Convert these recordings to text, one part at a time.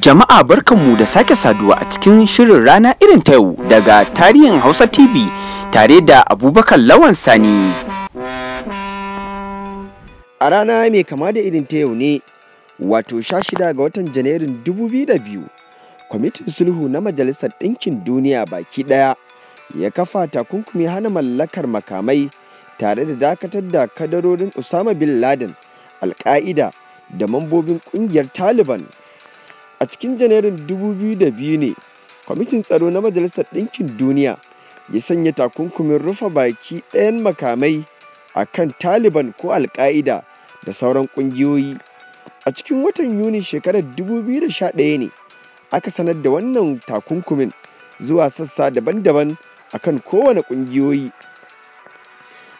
Jama'a barkanmu da sake saduwa a cikin shirin rana irin ta yau daga tarihin Hausa TV tare da Abubakar Lawan Sani. A rana mai kama da irin ta yau ne, wato sha shida ga watan Janairun 2002, Kwamitin Sulhu na Majalisar Ɗinkin Duniya baki ɗaya ya kafa takunkumi hana mallakar makamai tare da dakatar da kadarorin Usama Bin Laden, Al-Qaida da mambobin ƙungiyar Taliban. A cikin Janairun 2002 ne, Kwamitin Tsaro na Majalisar Ɗinkin Duniya ya sanya takunkumin rufe baki ɗayan makamai a kan Taliban ko Alƙa'ida da sauran ƙungiyoyi. A cikin watan Yuni shekarar 2011 ne, aka sanar da wannan takunkumin zuwa sassa daban-daban a kan kowane ƙungiyoyi.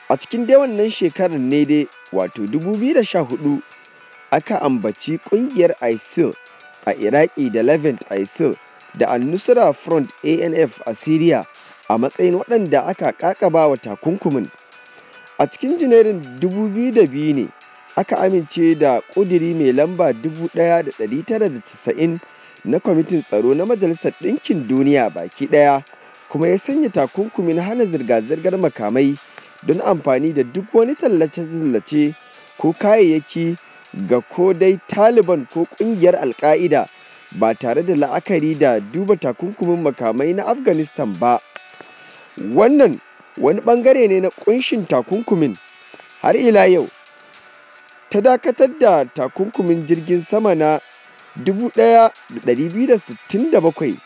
A cikin dai wannan shekarar ne dai wato 2014 aka ambaci ƙungiyar ISIL a Iraki da Levant a Isil da al Front ANF a Syria a matsayin waɗanda aka kakaba wa takunkumin. A cikin Janairun 2002 ne aka amince da ƙudiri mai lamba 1990 na Kwamitin Tsaro na Majalisar Ɗinkin Duniya baki ɗaya kuma ya sanya takunkumin hana zirga-zirgar makamai don amfani da duk wani tallace-tallace ko kayayyaki ga ko dai Taliban ko ƙungiyar Alƙa'ida ba tare da la'akari da duba takunkumin makamai na Afghanistan ba. Wannan wani bangare ne na kunshin takunkumin har ila yau ta dakatar da takunkumin jirgin sama na 1267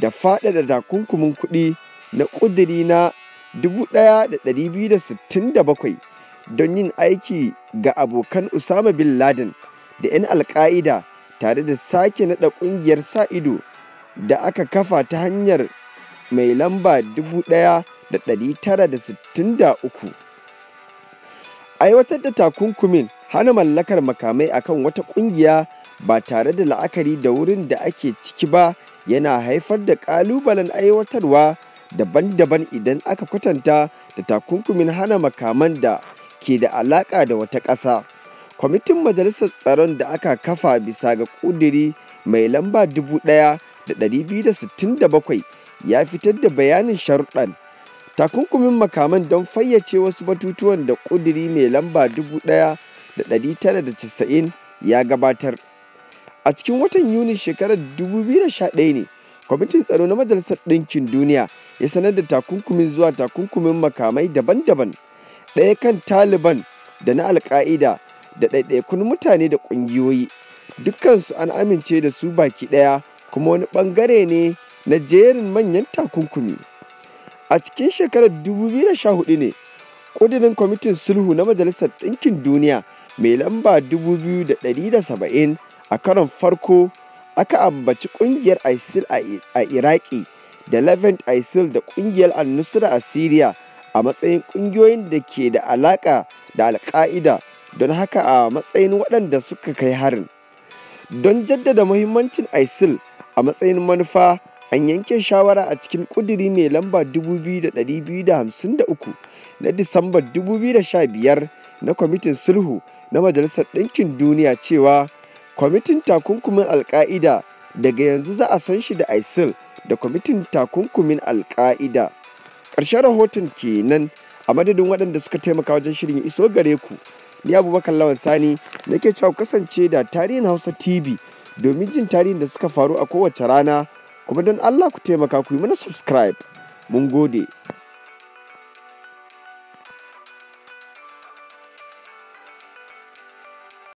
da faɗaɗa takunkumin kuɗi na ƙudiri na 1267 don yin aiki ga abokan usama bin Laden da 'yan Alka'ida tare da sake naɗa ƙungiyar sa-ido da aka kafa ta hanyar mai lamba 1963. Aiwatar da takunkumin hana mallakar makamai akan wata ƙungiya ba tare da la'akari da wurin da ake ciki ba yana haifar da ƙalubalen aiwatarwa daban-daban idan aka kwatanta da takunkumin hana makaman da ke da alaƙa da wata ƙasa. Kwamitin Majalisar Tsaron da aka kafa bisa ga ƙudiri mai lamba 1267 ya fitar da bayanin sharuɗan. Takunkumin makaman don fayyace wasu batutuwan da ƙudiri mai lamba 1990 ya gabatar. A cikin watan Yuni shekarar 2011 ne, Kwamitin Tsaro na Majalisar Ɗinkin Duniya ya sanar da takunkumin zuwa takunkumin makamai daban-daban. ɗaya kan Taliban da na al da ɗaiɗaikun mutane da ƙungiyoyi, dukansu an amince da su baki ɗaya kuma wani ɓangare ne na jerin manyan takunkumi. A cikin shekarar 2014 ne, ƙudurin kwamitin sulhu na Majalisar Ɗinkin Duniya mai lamba 2,170 a karon farko aka ambaci ƙungiyar ISIL a Iraki da Levant ISIL da ƙungiyar Al-Nusra a Syria. a matsayin ƙungiyoyin da ke da alaƙa da alƙa'ida don haka a matsayin waɗanda suka kai harin don jaddada muhimmancin isil a matsayin manufa an yanke shawara a cikin ƙudiri mai lamba 2253 na disamba 2015 na kwamitin sulhu na majalisar ɗinkin duniya cewa kwamitin takunkumin alka'ida daga yanzu za a san shi da isil da kwamitin takunkumin alka'ida Karshen rahoton kenan a madadin waɗanda suka taimaka wajen shirin iso gare ku ni abubakar lawan sani nake cewa kasance da tarihin hausa tv domin jin tarihin da suka faru a kowace rana kuma don allah ku taimaka ku yi mana subscribe mun gode